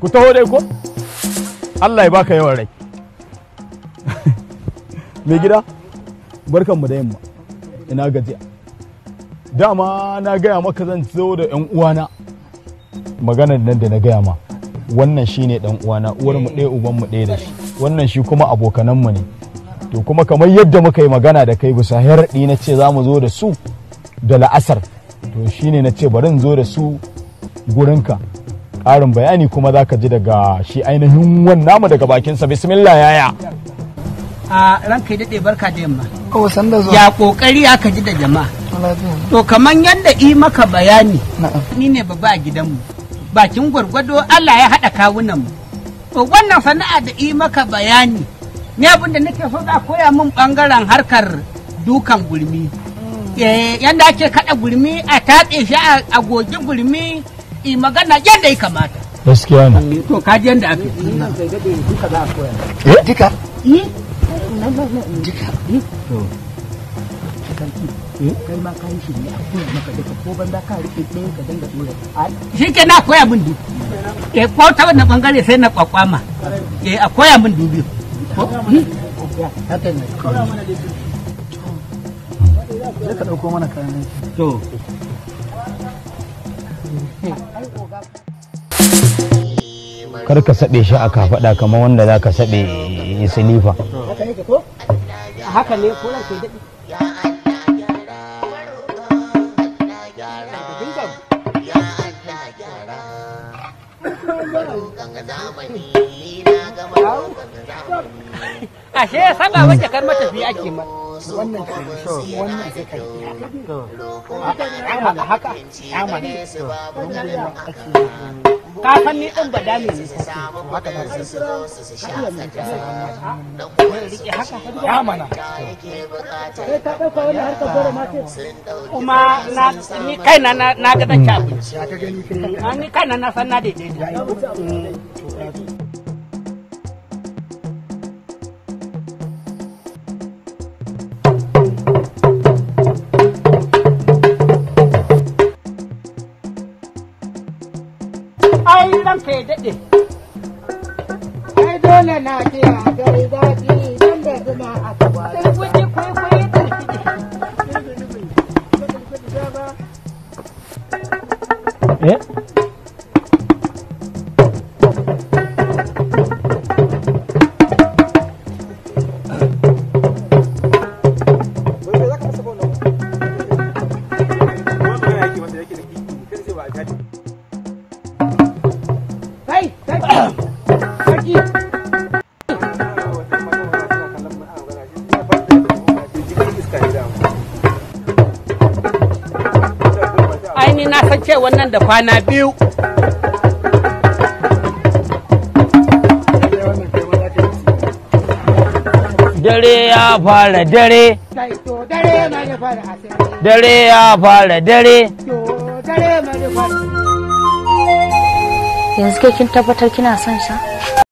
ku taho dai ko Allah ya baka yawan rai mai gida barkanmu da yamma ina gajiya dama na gaya maka zan zo da yan uwana maganar nan da na gaya ma wannan ne dan uwana uwar mu ɗaya uban mu ɗaya da shi wannan shi kuma abokanan mu ne to kuma kamar yadda muka yi magana da kai bisa harɗi na ce za mu zo da su da la'asar to shine na ce bari zo da su gurinka ƙarin bayani kuma za ka ji daga shi ainihin wannan namu daga bakinsa bismillah yaya a ranka yi daɗe barka da yamma ya ƙoƙari ka ji da jama'a to kaman yadda i maka bayani ni ne babba a gidanmu bakin gwargwado Allah ya haɗa kawunan mu to wannan sana'a da i maka bayani ni abin da nake so za koya min bangaren harkar dukan gurmi mm. eh, yadda ake kaɗa gurmi a tatse shi a goge gurmi yi magana yadda ya kamata gaskiya ne eh, to ka ji yadda eh? duka za a koya duka duka eh? kai ma yi shi ne a koya maka duka ko ban za ka rike ɗaya ka shi ke na koya min eh ko ta wannan sai na kwakwama eh a koya min ya hmm? ne ka ɗauko mana kayan to kar ka saɓe shi a kafaɗa kamar wanda za ka saɓe silifa haka ne ya saba matafi ake ma wannan kai wannan kai to haka to ake ka san ni din ba dami ne haka ba su su sha rike haka ya mana sai ka dauka wani harka gore ma ce kuma na ni kaina na na ga dan ni kaina na san na daidai ranka ya daɗe. Ai dole na kiya gari daɗi don da zuma a kaba. Sai guji kwaikwayo Eh? Aini na san cewa nan da kwana biyu. Dare ya fara dare. Dare ya fara dare. Yanzu ke kin tabbatar kina son sa